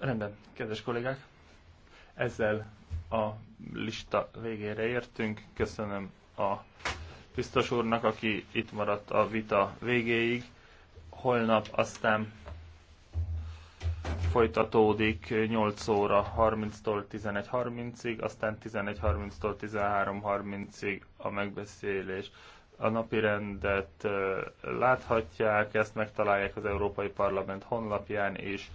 Rendben, kedves kollégák, ezzel a lista végére értünk. Köszönöm a biztos úrnak, aki itt maradt a vita végéig. Holnap aztán folytatódik 8 óra 30-tól 11.30-ig, aztán 11.30-tól 13.30-ig a megbeszélés. A napi rendet láthatják, ezt megtalálják az Európai Parlament honlapján is.